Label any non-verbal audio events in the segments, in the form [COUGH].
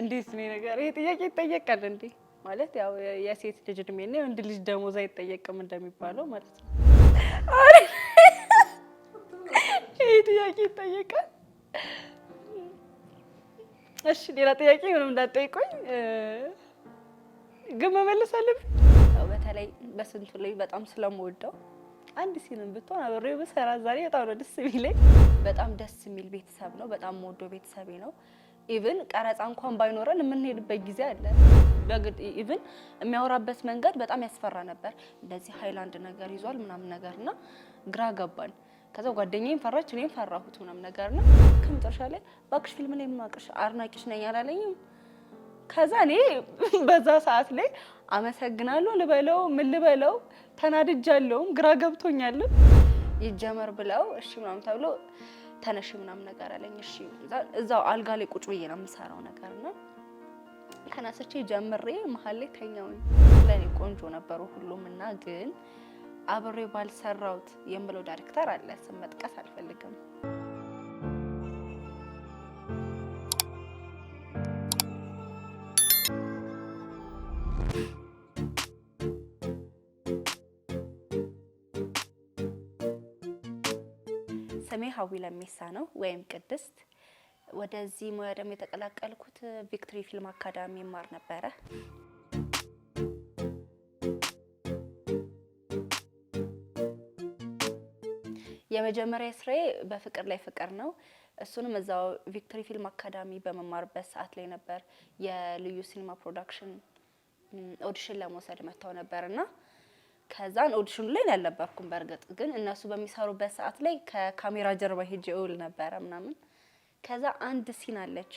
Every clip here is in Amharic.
እንዴት ነው ነገር? ይሄ ጥያቄ ይጠየቃል እንዴ? ማለት ያው የሴት ልጅ እድሜና የወንድ ልጅ ደሞዝ አይጠየቅም እንደሚባለው ማለት ነው። ይሄ ጥያቄ ይጠየቃል። እሺ ሌላ ጥያቄ ምንም እንዳትጠይቁኝ፣ ግን መመለስ አለብኝ። ያው በተለይ በስንቱ ላይ በጣም ስለምወደው አንድ ሲንም ብትሆን አብሬ ብሰራ ዛሬ በጣም ነው ደስ የሚለኝ። በጣም ደስ የሚል ቤተሰብ ነው። በጣም ወዶ ቤተሰቤ ነው። ኢቭን ቀረጻ እንኳን ባይኖረን የምንሄድበት ጊዜ አለ። በግድ ኢቭን የሚያወራበት መንገድ በጣም ያስፈራ ነበር። እንደዚህ ሃይላንድ ነገር ይዟል ምናምን ነገርና ግራ ገባን። ከዛ ጓደኛዬም ፈራች፣ እኔም ፈራሁት ምናምን ነገርና ከመጨረሻ ላይ እባክሽ ፊልም ላይ የማውቅሽ አድናቂሽ ነኝ አላለኝም። ከዛ እኔ [LAUGHS] በዛ ሰዓት ላይ አመሰግናለሁ ልበለው ምን ልበለው ተናድጃለሁም ግራ ገብቶኛል። ይጀመር ብለው እሺ ምናምን ተብሎ ተነሽ ምናምን ነገር አለኝ። እሺ እዛው አልጋ ላይ ቁጭ ብዬ ነው የምሰራው ነገር ነው። ተነስቼ ጀምሬ መሀል ላይ ተኛውኝ። ለእኔ ቆንጆ ነበሩ ሁሉም እና ግን አብሬ ባልሰራውት የምለው ዳይሬክተር አለ ስም መጥቀስ አልፈልግም። ስሜ ሀዊ ለሜሳ ነው ወይም ቅድስት። ወደዚህ ሙያ ደግሞ የተቀላቀልኩት ቪክትሪ ፊልም አካዳሚ ይማር ነበረ። የመጀመሪያ ስራዬ በፍቅር ላይ ፍቅር ነው። እሱንም እዛው ቪክቶሪ ፊልም አካዳሚ በመማርበት ሰዓት ላይ ነበር። የልዩ ሲኒማ ፕሮዳክሽን ኦዲሽን ለመውሰድ መጥተው ነበር እና ከዛን ኦዲሽኑ ላይ ያልነበርኩም በእርግጥ ግን እነሱ በሚሰሩበት ሰዓት ላይ ከካሜራ ጀርባ ሄጄ እውል ነበረ ምናምን። ከዛ አንድ ሲን አለች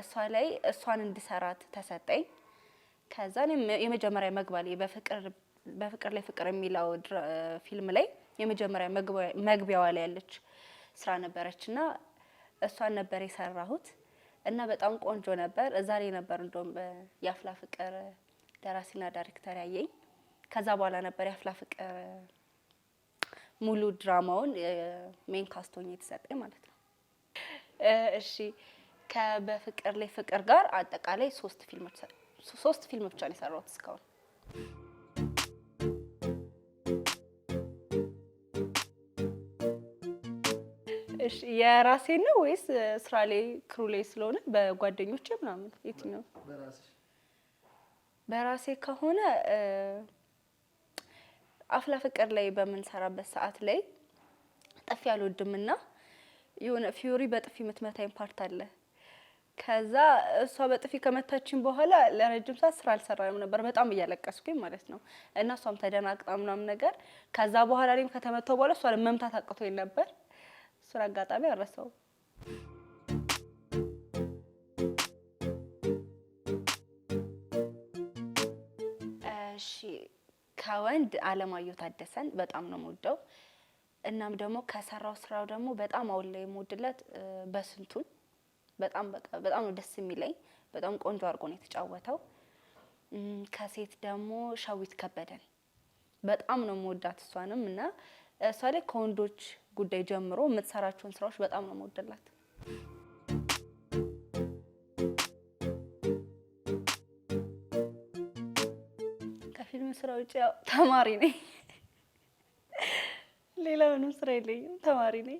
እሷ ላይ እሷን እንድሰራት ተሰጠኝ። ከዛን የመጀመሪያ መግባል በፍቅር ላይ ፍቅር የሚለው ፊልም ላይ የመጀመሪያ መግቢያዋ ላይ ያለች ስራ ነበረች እና እሷን ነበር የሰራሁት እና በጣም ቆንጆ ነበር። እዛ ላይ ነበር እንደውም የአፍላ ፍቅር ደራሲና ዳይሬክተር ያየኝ። ከዛ በኋላ ነበር የአፍላ ፍቅር ሙሉ ድራማውን ሜን ካስቶኝ የተሰጠኝ ማለት ነው። እሺ ከበፍቅር ላይ ፍቅር ጋር አጠቃላይ ሶስት ፊልሞች ሶስት ፊልም ብቻ ነው የሰራሁት እስካሁን። እሺ ነው ወይስ ስራ ላይ ክሩ ላይ ስለሆነ በጓደኞቼ ምናምን የትኛው? በራሴ ከሆነ አፍላ ፍቅር ላይ በምንሰራበት ሰዓት ላይ ጥፊ አልወድምና የሆነ ፊዮሪ በጥፊ የምትመታኝ ፓርት አለ። ከዛ እሷ በጥፊ ከመታችን በኋላ ለረጅም ሰዓት ስራ አልሰራንም ነበር፣ በጣም እያለቀስኩኝ ማለት ነው። እና እሷም ተደናግጣ ምናምን ነገር። ከዛ በኋላ እኔም ከተመታው በኋላ እሷ መምታት አቅቶኝ ነበር። እሱን አጋጣሚ አረሰው። ከወንድ አለማየሁ ታደሰን በጣም ነው የምወደው። እናም ደግሞ ከሰራው ስራው ደግሞ በጣም አሁን ላይ የምወድለት በስንቱን በጣም በጣም ነው ደስ የሚለኝ። በጣም ቆንጆ አድርጎ ነው የተጫወተው። ከሴት ደግሞ ሸዊት ከበደን በጣም ነው የምወዳት እሷንም እና እሷ ላይ ከወንዶች ጉዳይ ጀምሮ የምትሰራቸውን ስራዎች በጣም ነው የምወደላት። ስራ ውጭ ያው ተማሪ ነኝ። ሌላ ምንም ስራ የለኝም፣ ተማሪ ነኝ።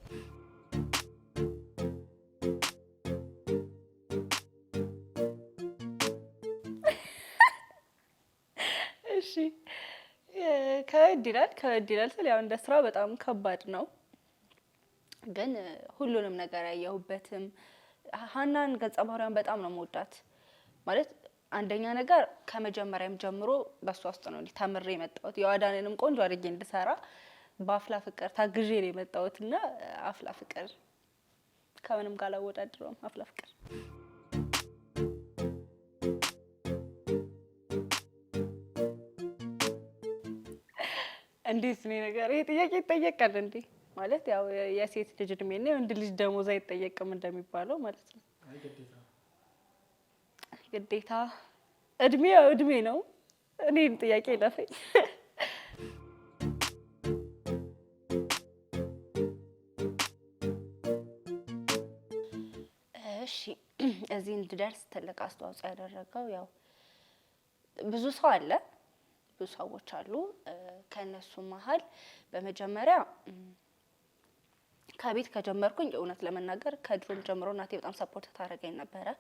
እሺ ከበድ ይላል። ከበድ ይላል ስል ያው እንደ ስራው በጣም ከባድ ነው፣ ግን ሁሉንም ነገር ያየሁበትም ሀናን ገጸ ባህሪዋን በጣም ነው መወዳት ማለት አንደኛ ነገር ከመጀመሪያም ጀምሮ በእሷ ውስጥ ነው ተምሬ የመጣሁት። የዋዳንንም ቆንጆ አድርጌ እንድሰራ በአፍላ ፍቅር ታግዤ ነው የመጣሁት እና አፍላ ፍቅር ከምንም ጋር አላወዳድረውም። አፍላ ፍቅር እንዴት ነው ነገር? ይሄ ጥያቄ ይጠየቃል እንዴ? ማለት ያው የሴት ልጅ እድሜና የወንድ ልጅ ደሞዝ አይጠየቅም እንደሚባለው ማለት ነው። ግዴታ እድሜ እድሜ ነው። እኔን ጥያቄ ይለፈኝ። እሺ እዚህ እንድደርስ ትልቅ አስተዋጽኦ ያደረገው ያው ብዙ ሰው አለ፣ ብዙ ሰዎች አሉ። ከእነሱ መሀል በመጀመሪያ ከቤት ከጀመርኩኝ እውነት ለመናገር ከድሮም ጀምሮ እናቴ በጣም ሰፖርት ታደረገኝ ነበረ።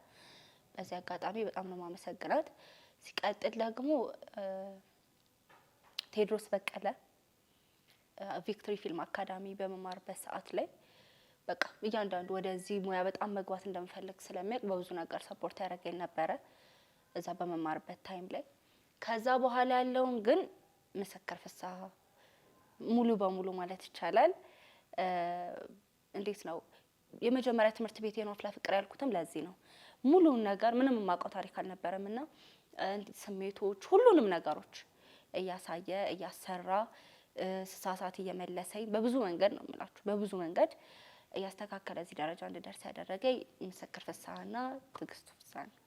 በዚህ አጋጣሚ በጣም ነው ማመሰግናት። ሲቀጥል ደግሞ ቴዎድሮስ በቀለ ቪክቶሪ ፊልም አካዳሚ በመማርበት ሰዓት ላይ በቃ እያንዳንዱ ወደዚህ ሙያ በጣም መግባት እንደምፈልግ ስለሚያውቅ በብዙ ነገር ሰፖርት ያደረገኝ ነበረ እዛ በመማርበት ታይም ላይ። ከዛ በኋላ ያለውን ግን ምስክር ፍስሀ ሙሉ በሙሉ ማለት ይቻላል እንዴት ነው የመጀመሪያ ትምህርት ቤት የኖ አፍላ ፍቅር ያልኩትም ለዚህ ነው። ሙሉን ነገር ምንም የማውቀው ታሪክ አልነበረም እና ስሜቶች፣ ሁሉንም ነገሮች እያሳየ እያሰራ ስሳሳት እየመለሰኝ በብዙ መንገድ ነው የምላችሁ በብዙ መንገድ እያስተካከለ እዚህ ደረጃ እንድደርስ ያደረገ ምስክር ፍስሀና ትዕግስቱ ፍስሀ ነው።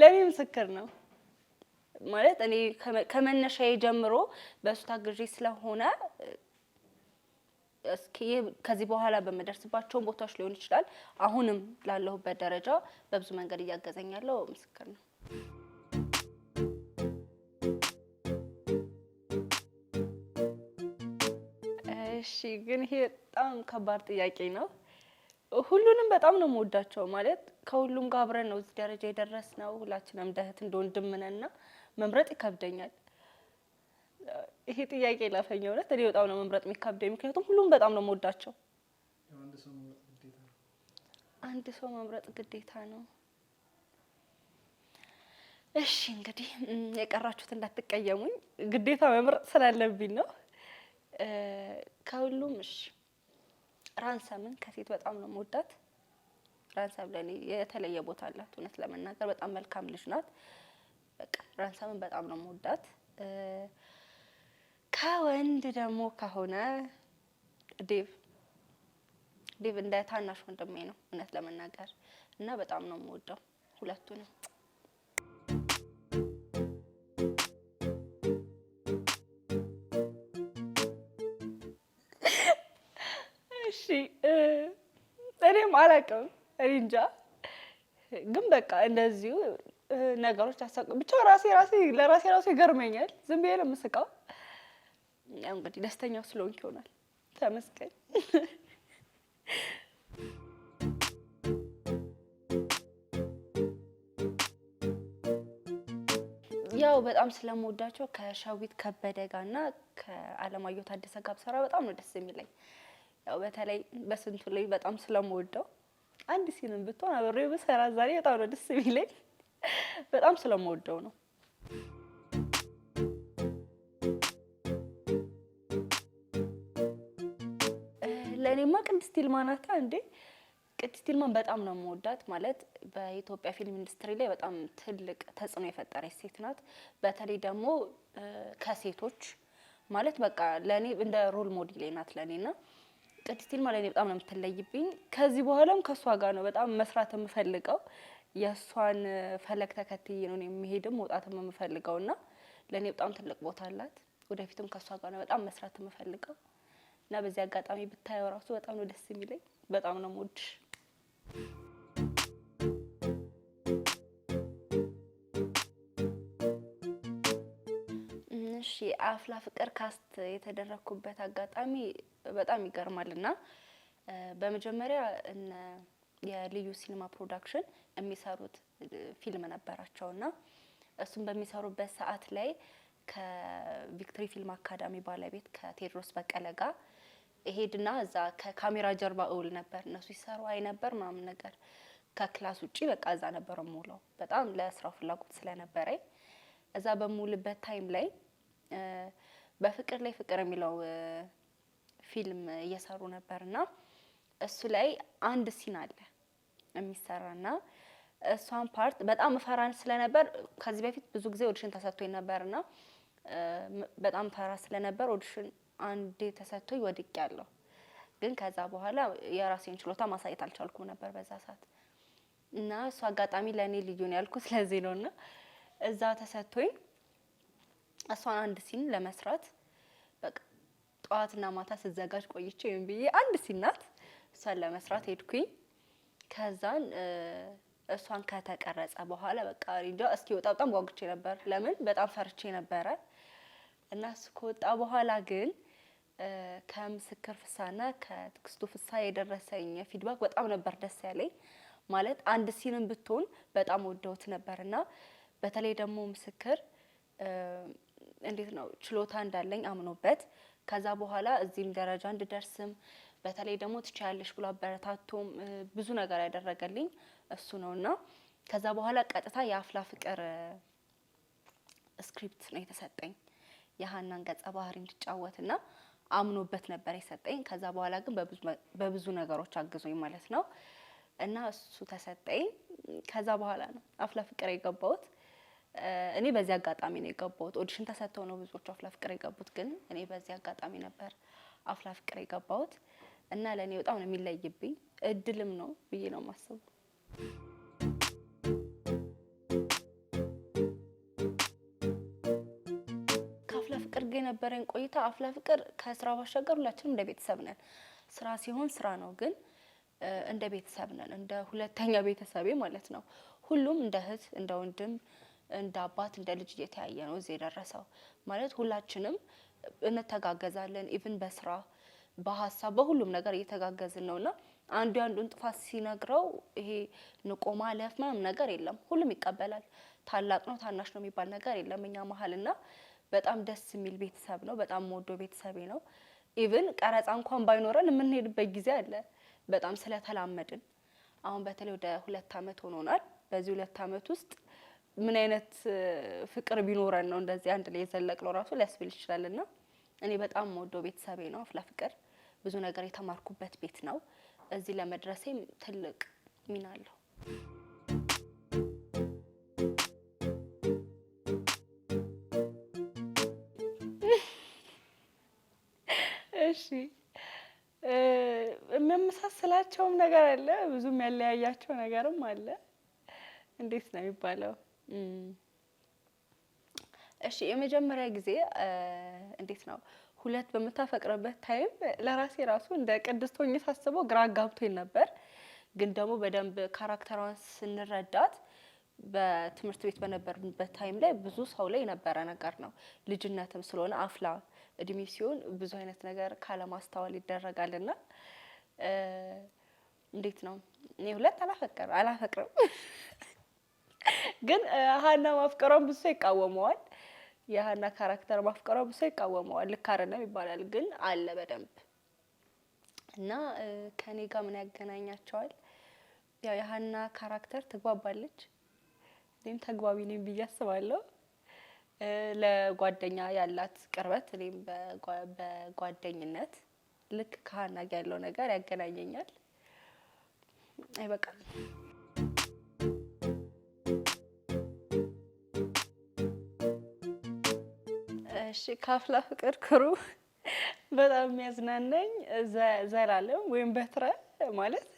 ለእኔ ምስክር ነው። ማለት እኔ ከመነሻዬ ጀምሮ በእሱ ታግዤ ስለሆነ ከዚህ በኋላ በምደርስባቸውን ቦታዎች ሊሆን ይችላል። አሁንም ላለሁበት ደረጃ በብዙ መንገድ እያገዘኝ ያለው ምስክር ነው። እሺ፣ ግን ይሄ በጣም ከባድ ጥያቄ ነው። ሁሉንም በጣም ነው የምወዳቸው። ማለት ከሁሉም ጋር አብረን ነው እዚህ ደረጃ የደረስነው። ሁላችንም ደህት እህት ነን እና መምረጥ ይከብደኛል። ይሄ ጥያቄ ላፈኝ እውነት እኔ በጣም ነው መምረጥ የሚከብደኝ፣ ምክንያቱም ሁሉም በጣም ነው የምወዳቸው። አንድ ሰው መምረጥ ግዴታ ነው። እሺ እንግዲህ የቀራችሁት እንዳትቀየሙኝ፣ ግዴታ መምረጥ ስላለብኝ ነው። ከሁሉም እሺ ራንሰምን ከሴት በጣም ነው የምወዳት። ራንሰም ለእኔ የተለየ ቦታ አላት። እውነት ለመናገር በጣም መልካም ልጅ ናት። ራንሰምን በጣም ነው የምወዳት። ከወንድ ደግሞ ከሆነ ዴቭ ዴቭ እንደ ታናሽ ወንድሜ ነው እውነት ለመናገር እና በጣም ነው የምወደው ሁለቱንም። እሺ እኔም አላውቅም እንጃ ግን በቃ እንደዚሁ ነገሮች አሳቅ ብቻ ራሴ ራሴ ለራሴ ራሱ ይገርመኛል። ዝም ብዬ ነው የምስቀው። ያው እንግዲህ ደስተኛው ስለሆንክ ይሆናል። ተመስገን። ያው በጣም ስለምወዳቸው ከሸዊት ከበደ ጋርና ከአለማየሁ ታደሰ ጋር ብሰራ በጣም ነው ደስ የሚለኝ። ያው በተለይ በስንቱ ላይ በጣም ስለምወደው አንድ ሲንም ብትሆን አብሬው ብሰራ ዛሬ በጣም ነው ደስ የሚለኝ። በጣም ስለምወደው ነው። ለእኔማ ቅድስት ይልማ ናታ እንዴ! ቅድስት ይልማን በጣም ነው የምወዳት። ማለት በኢትዮጵያ ፊልም ኢንዱስትሪ ላይ በጣም ትልቅ ተጽዕኖ የፈጠረች ሴት ናት። በተለይ ደግሞ ከሴቶች ማለት በቃ ለእኔ እንደ ሮል ሞዴል ናት ለእኔ ና ቅድስት ይልማ ለእኔ በጣም ነው የምትለይብኝ። ከዚህ በኋላም ከእሷ ጋር ነው በጣም መስራት የምፈልገው። የእሷን ፈለግ ተከትዬ ነው የሚሄድም መውጣትም የምፈልገው እና ለእኔ በጣም ትልቅ ቦታ አላት። ወደፊትም ከእሷ ጋር ነው በጣም መስራት የምፈልገው እና በዚህ አጋጣሚ ብታየው ራሱ በጣም ነው ደስ የሚለኝ። በጣም ነው የምወድሽ። እሺ አፍላ ፍቅር ካስት የተደረግኩበት አጋጣሚ በጣም ይገርማል እና በመጀመሪያ የልዩ ሲኒማ ፕሮዳክሽን የሚሰሩት ፊልም ነበራቸው እና እሱም በሚሰሩበት ሰዓት ላይ ከቪክቶሪ ፊልም አካዳሚ ባለቤት ከቴዎድሮስ በቀለ ጋር እሄድና እዛ ከካሜራ ጀርባ እውል ነበር። እነሱ ይሰሩ አይ ነበር ምናምን ነገር ከክላስ ውጪ በቃ እዛ ነበር የምውለው። በጣም ለስራው ፍላጎት ስለነበረኝ እዛ በምውልበት ታይም ላይ በፍቅር ላይ ፍቅር የሚለው ፊልም እየሰሩ ነበርና እሱ ላይ አንድ ሲን አለ የሚሰራና እሷን ፓርት በጣም ፈራን ስለነበር ከዚህ በፊት ብዙ ጊዜ ኦዲሽን ተሰጥቶኝ ነበርና በጣም ፈራ ስለነበር ኦዲሽን አንዴ ተሰጥቶኝ ወድቅ ያለው ግን ከዛ በኋላ የራሴን ችሎታ ማሳየት አልቻልኩም ነበር በዛ ሰዓት እና እሱ አጋጣሚ ለእኔ ልዩ ነው ያልኩ ስለዚህ ነው። እና እዛ ተሰጥቶኝ እሷን አንድ ሲን ለመስራት በቃ ጠዋትና ማታ ስዘጋጅ ቆይቼ ወይም ብዬ አንድ ሲን ናት እሷን ለመስራት ሄድኩኝ። ከዛን እሷን ከተቀረጸ በኋላ በቃ እንጃ ወጣ በጣም ጓጉቼ ነበር። ለምን በጣም ፈርቼ ነበረ እና እሱ ከወጣ በኋላ ግን ከምስክር ፍሳና ከትክስቱ ፍሳ የደረሰኝ ፊድባክ በጣም ነበር ደስ ያለኝ። ማለት አንድ ሲንም ብትሆን በጣም ወደውት ነበር እና በተለይ ደግሞ ምስክር እንዴት ነው ችሎታ እንዳለኝ አምኖበት ከዛ በኋላ እዚህም ደረጃ እንድደርስም በተለይ ደግሞ ትችያለሽ ብሎ አበረታቶም ብዙ ነገር ያደረገልኝ እሱ ነው እና ከዛ በኋላ ቀጥታ የአፍላ ፍቅር ስክሪፕት ነው የተሰጠኝ የሀናን ገጸ ባህሪ እንድጫወት ና አምኖበት ነበር የሰጠኝ። ከዛ በኋላ ግን በብዙ ነገሮች አግዞኝ ማለት ነው እና እሱ ተሰጠኝ። ከዛ በኋላ ነው አፍላ ፍቅር የገባሁት። እኔ በዚህ አጋጣሚ ነው የገባሁት። ኦዲሽን ተሰጥተው ነው ብዙዎቹ አፍላ ፍቅር የገቡት፣ ግን እኔ በዚህ አጋጣሚ ነበር አፍላ ፍቅር የገባሁት። እና ለእኔ በጣም ነው የሚለይብኝ እድልም ነው ብዬ ነው የማስበው። ከአፍላ ፍቅር ጋር የነበረኝ ቆይታ አፍላ ፍቅር ከስራ ባሻገር ሁላችንም እንደ ቤተሰብ ነን። ስራ ሲሆን ስራ ነው፣ ግን እንደ ቤተሰብ ነን፣ እንደ ሁለተኛ ቤተሰቤ ማለት ነው። ሁሉም እንደ እህት፣ እንደ ወንድም፣ እንደ አባት፣ እንደ ልጅ እየተያየ ነው እዚህ የደረሰው ማለት ሁላችንም እንተጋገዛለን ኢቭን በስራ በሀሳብ በሁሉም ነገር እየተጋገዝን ነው ና አንዱ አንዱን ጥፋት ሲነግረው ይሄ ንቆ ማለፍ ምናምን ነገር የለም። ሁሉም ይቀበላል። ታላቅ ነው ታናሽ ነው የሚባል ነገር የለም እኛ መሀልና በጣም ደስ የሚል ቤተሰብ ነው። በጣም ወዶ ቤተሰቤ ነው። ኢቭን ቀረጻ እንኳን ባይኖረን የምንሄድበት ጊዜ አለ። በጣም ስለተላመድን አሁን በተለይ ወደ ሁለት አመት ሆኖናል። በዚህ ሁለት አመት ውስጥ ምን አይነት ፍቅር ቢኖረን ነው እንደዚህ አንድ ላይ የዘለቅነው ራሱ ሊያስብል ይችላልና እኔ በጣም ወዶ ቤተሰቤ ነው አፍላ ፍቅር ብዙ ነገር የተማርኩበት ቤት ነው። እዚህ ለመድረሴም ትልቅ ሚና አለው። እሺ የሚያመሳስላቸውም ነገር አለ፣ ብዙም ያለያያቸው ነገርም አለ። እንዴት ነው የሚባለው? እሺ የመጀመሪያ ጊዜ እንዴት ነው ሁለት በምታፈቅርበት ታይም ለራሴ ራሱ እንደ ቅድስት ሆኜ ሳስበው ግራ ጋብቶኝ ነበር። ግን ደግሞ በደንብ ካራክተሯን ስንረዳት በትምህርት ቤት በነበርንበት ታይም ላይ ብዙ ሰው ላይ የነበረ ነገር ነው። ልጅነትም ስለሆነ አፍላ እድሜ ሲሆን ብዙ አይነት ነገር ካለማስተዋል ይደረጋልና እንዴት ነው እኔ ሁለት አላፈቅርም አላፈቅርም፣ ግን ሀና ማፍቀሯን ብዙ ሰው ይቃወመዋል። የሀና ካራክተር ማፍቀሯ ብሶ ይቃወመዋል። ልክ አይደለም ይባላል፣ ግን አለ በደንብ እና ከኔ ጋር ምን ያገናኛቸዋል? ያው የሀና ካራክተር ትግባባለች፣ እኔም ተግባቢ ነኝ ብዬ አስባለሁ። ለጓደኛ ያላት ቅርበት እኔም በጓደኝነት ልክ ከሀና ጋር ያለው ነገር ያገናኘኛል። አይበቃም። እሺ ካፍላ ፍቅር ክሩ በጣም የሚያዝናናኝ ዘላለም ወይም በትረ ማለት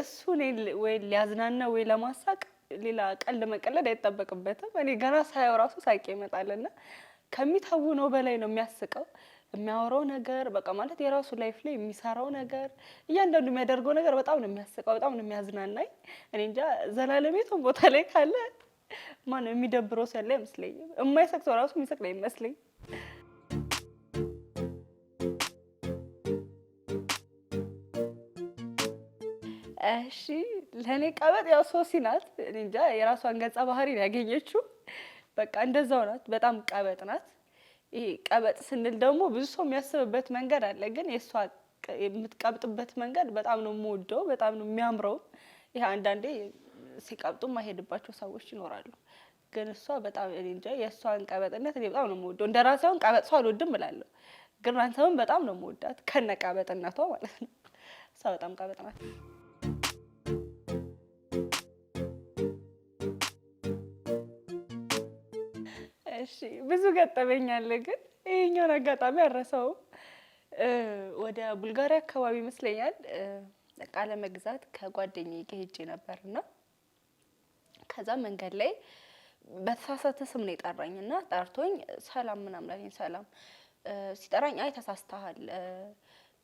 እሱ ወይ ሊያዝናና ወይ ለማሳቅ ሌላ ቀልድ መቀለድ አይጠበቅበትም። እኔ ገና ሳየው ራሱ ሳቄ ይመጣልና ከሚተውነው በላይ ነው የሚያስቀው። የሚያወራው ነገር በቃ ማለት የራሱ ላይፍ ላይ የሚሰራው ነገር እያንዳንዱ የሚያደርገው ነገር በጣም ነው የሚያስቀው፣ በጣም ነው የሚያዝናናኝ። እኔ እንጃ ዘላለም የቱን ቦታ ላይ ካለ ማነው የሚደብረው ሰው ያለ አይመስለኝም። የማይሰቅ ሰው ራሱ የሚሰቅ ላይ ይመስለኝ እሺ ለእኔ ቀበጥ ያው ሶሲ ናት። እንጃ የራሷን ገጸ ባህሪ ነው ያገኘችው። በቃ እንደዛው ናት። በጣም ቀበጥ ናት። ይሄ ቀበጥ ስንል ደግሞ ብዙ ሰው የሚያስብበት መንገድ አለ። ግን የእሷ የምትቀብጥበት መንገድ በጣም ነው የምወደው፣ በጣም ነው የሚያምረው። ይህ አንዳንዴ ሲቀብጡ ማይሄድባቸው ሰዎች ይኖራሉ። ግን እሷ በጣም እኔ እንጃ የእሷን ቀበጥነት እኔ በጣም ነው የምወደው። እንደ ራሳውን ቀበጥ ሰው አልወድም እላለሁ፣ ግን ራንሰውን በጣም ነው የምወዳት ከነ ቀበጥነቷ ማለት ነው። እሷ በጣም ቀበጥ ናት። እሺ ብዙ ገጠመኛለ፣ ግን ይሄኛውን አጋጣሚ አረሰው ወደ ቡልጋሪያ አካባቢ ይመስለኛል እቃ ለመግዛት ከጓደኛዬ ጋር ሄጄ ነበርና ከዛ መንገድ ላይ በተሳሳተ ስም ነው የጠራኝ እና ጠርቶኝ ሰላም ምናምን አለኝ። ሰላም ሲጠራኝ አይ ተሳስተሃል፣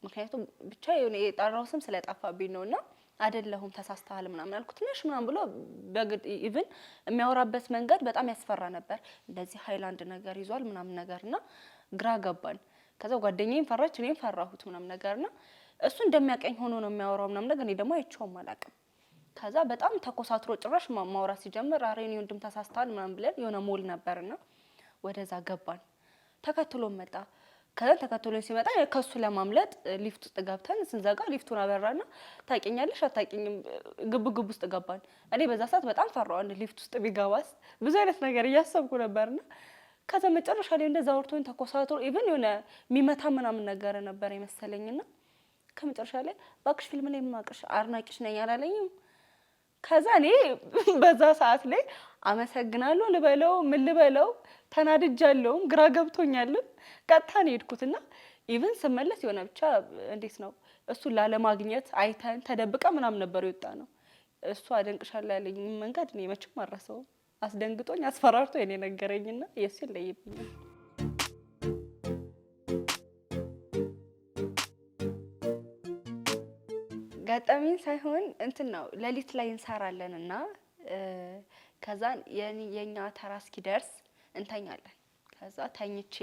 ምክንያቱም ብቻ የሆነ የጠራው ስም ስለጠፋብኝ ነው እና አይደለሁም ተሳስተሃል ምናምን አልኩት። ትንሽ ምናምን ብሎ በግድ ኢቭን የሚያወራበት መንገድ በጣም ያስፈራ ነበር። እንደዚህ ሀይላንድ ነገር ይዟል ምናምን ነገር እና ግራ ገባን። ከዛ ጓደኛዬም ፈራች፣ እኔም ፈራሁት ምናምን ነገር እና እሱ እንደሚያቀኝ ሆኖ ነው የሚያወራው ምናምን ነገር እኔ ደግሞ አይቼውም አላውቅም። ከዛ በጣም ተኮሳትሮ ጭራሽ ማውራት ሲጀምር አሬኒ ወንድም ተሳስተዋል ምናምን ብለን የሆነ ሞል ነበርና ወደዛ ገባን። ተከትሎ መጣ። ከዛ ተከትሎ ሲመጣ ከሱ ለማምለጥ ሊፍት ውስጥ ገብተን ስንዘጋ ሊፍቱን አበራና ታቂኛለሽ አታቂኝም ግብ ግብ ውስጥ ገባን። እኔ በዛ ሰዓት በጣም ፈራሁ። ሊፍት ውስጥ ቢገባስ ብዙ አይነት ነገር እያሰብኩ ነበርና ከዛ መጨረሻ ላይ እንደዛ ወርቶኝ ተኮሳትሮ ኢቨን የሆነ የሚመታ ምናምን ነገር ነበር የመሰለኝና ከመጨረሻ ላይ እባክሽ ፊልም ላይ የማቅሽ አድናቂሽ ነኝ አላለኝም ከዛ እኔ [LAUGHS] በዛ ሰዓት ላይ አመሰግናለሁ ልበለው ምን ልበለው ተናድጃለሁም ግራ ገብቶኛልም። ቀጥታ ነው የሄድኩትና ኢቭን ስመለስ የሆነ ብቻ እንዴት ነው እሱን ላለማግኘት አይተን ተደብቀ ምናምን ነበር የወጣ ነው። እሱ አደንቅሻለሁ ያለኝ መንገድ እኔ መቼም አረሰውም። አስደንግጦኝ አስፈራርቶ የኔ ነገረኝና የሱ ይለይብኛል። ገጠመኝ ሳይሆን እንትን ነው ሌሊት ላይ እንሰራለን እና ከዛን የእኛ ተራ እስኪደርስ እንተኛለን። ከዛ ተኝቼ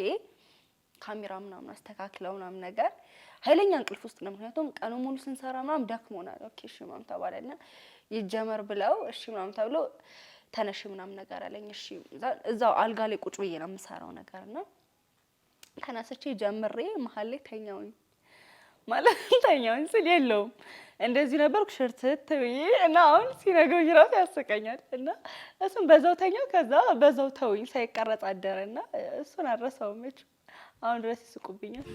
ካሜራ ምናምን አስተካክለው ምናምን ነገር ኃይለኛ እንቅልፍ ውስጥ ነው። ምክንያቱም ቀኑ ሙሉ ስንሰራ ምናምን ደክሞናል። ኦኬ እሺ ምናምን ተባለና ይጀመር ብለው እሺ ምናምን ተብሎ ተነሽ ምናምን ነገር አለኝ። እሺ እዛው አልጋ ላይ ቁጭ ብዬ ነው የምሰራው ነገር ና ተነስቼ ጀምሬ መሀል ላይ ተኛውኝ ማለት ተኛውኝ ስል የለውም እንደዚህ ነበርኩ ሽርትት ብዬ እና አሁን ሲነግረኝ እራሱ ያስቀኛል። እና እሱም በዛው ተኛው፣ ከዛ በዛው ተውኝ ሳይቀረጽ አደረ እና እሱን አልረሳውም። አሁን ድረስ ይስቁብኛል።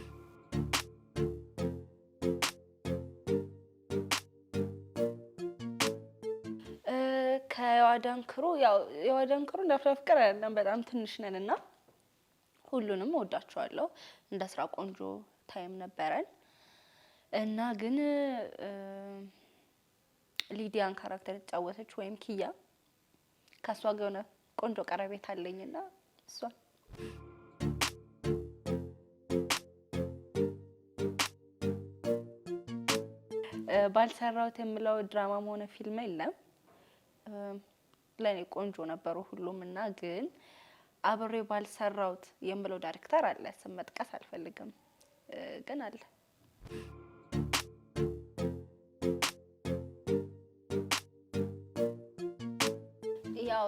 ከዋደንክሩ ያው የዋደንክሩ የዋዳንክሩ ፍቅር ያለን በጣም ትንሽ ነን እና ሁሉንም ወዳቸዋለሁ። እንደ ስራ ቆንጆ ታይም ነበረን። እና ግን ሊዲያን ካራክተር የተጫወተች ወይም ኪያ ከእሷ ጋር የሆነ ቆንጆ ቀረቤት አለኝና እሷ ባልሰራሁት የምለው ድራማም ሆነ ፊልም የለም። ለእኔ ቆንጆ ነበሩ ሁሉም እና ግን አብሬ ባልሰራሁት የምለው ዳይሬክተር አለ። ስም መጥቀስ አልፈልግም፣ ግን አለ።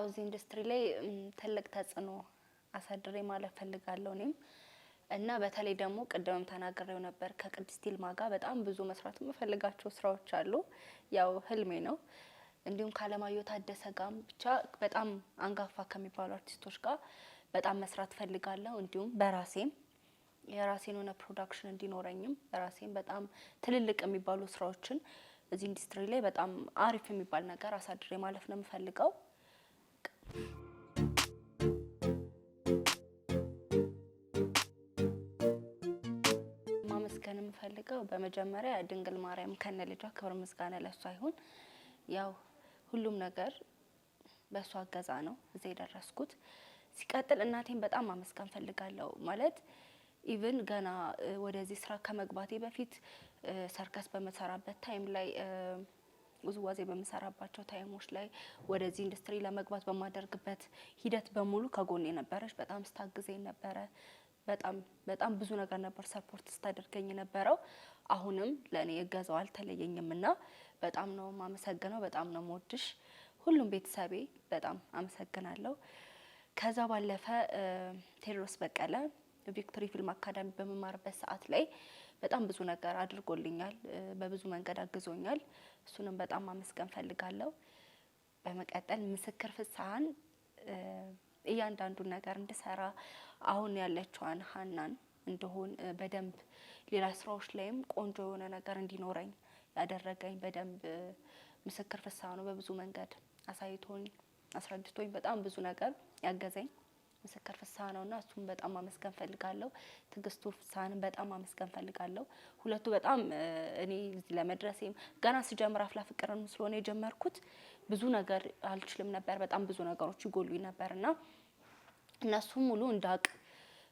እዚህ ኢንዱስትሪ ላይ ትልቅ ተጽዕኖ አሳድሬ ማለት ፈልጋለሁ እኔም እና በተለይ ደግሞ ቅድምም ተናግሬው ነበር ከቅድስት ይልማ ጋር በጣም ብዙ መስራት የምፈልጋቸው ስራዎች አሉ። ያው ህልሜ ነው። እንዲሁም ከአለማየሁ ታደሰ ጋም ብቻ በጣም አንጋፋ ከሚባሉ አርቲስቶች ጋር በጣም መስራት ፈልጋለሁ። እንዲሁም በራሴም የራሴን የሆነ ፕሮዳክሽን እንዲኖረኝም በራሴም በጣም ትልልቅ የሚባሉ ስራዎችን እዚህ ኢንዱስትሪ ላይ በጣም አሪፍ የሚባል ነገር አሳድሬ ማለፍ ነው የምፈልገው። ማመስገን የምፈልገው በመጀመሪያ ድንግል ማርያም ከነ ልጇ ክብር ምስጋና ለሷ ይሁን። ያው ሁሉም ነገር በእሷ እገዛ ነው እዚህ የደረስኩት። ሲቀጥል እናቴን በጣም ማመስገን ፈልጋለሁ ማለት ኢቭን ገና ወደዚህ ስራ ከመግባቴ በፊት ሰርከስ በመሰራበት ታይም ላይ ውዝዋዜ በምሰራባቸው ታይሞች ላይ ወደዚህ ኢንዱስትሪ ለመግባት በማደርግበት ሂደት በሙሉ ከጎን የነበረች በጣም ስታግዘኝ ነበረ። በጣም በጣም ብዙ ነገር ነበር ሰፖርት ስታደርገኝ የነበረው። አሁንም ለእኔ እገዛው አልተለየኝም እና በጣም ነው አመሰግነው በጣም ነው መወድሽ። ሁሉም ቤተሰቤ በጣም አመሰግናለሁ። ከዛ ባለፈ ቴድሮስ በቀለ ቪክቶሪ ፊልም አካዳሚ በመማርበት ሰዓት ላይ በጣም ብዙ ነገር አድርጎልኛል፣ በብዙ መንገድ አግዞኛል። እሱንም በጣም ማመስገን ፈልጋለሁ። በመቀጠል ምስክር ፍስሀን እያንዳንዱን ነገር እንድሰራ አሁን ያለችዋን ሀናን እንደሆን በደንብ ሌላ ስራዎች ላይም ቆንጆ የሆነ ነገር እንዲኖረኝ ያደረገኝ በደንብ ምስክር ፍስሀ ነው። በብዙ መንገድ አሳይቶኝ አስረድቶኝ በጣም ብዙ ነገር ያገዘኝ ምስክር ፍስሀ ነው እና እሱም በጣም ማመስገን ፈልጋለሁ። ትግስቱ ፍስሀንም በጣም ማመስገን ፈልጋለሁ። ሁለቱ በጣም እኔ ለመድረሴም ገና ስጀምር አፍላ ፍቅርን ስለሆነ የጀመርኩት ብዙ ነገር አልችልም ነበር። በጣም ብዙ ነገሮች ይጎሉኝ ነበር እና እነሱም ሙሉ እንዳቅ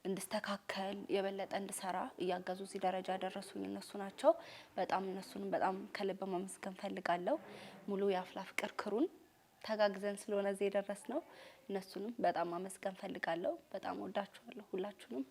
እንድስተካከል የበለጠ እንድሰራ እያገዙ እዚህ ደረጃ ያደረሱኝ እነሱ ናቸው። በጣም እነሱንም በጣም ከልብ ማመስገን ፈልጋለሁ። ሙሉ የአፍላ ፍቅር ክሩን ተጋግዘን ስለሆነ እዚህ የደረስ ነው። እነሱንም በጣም ማመስገን ፈልጋለሁ። በጣም ወዳችኋለሁ ሁላችሁንም።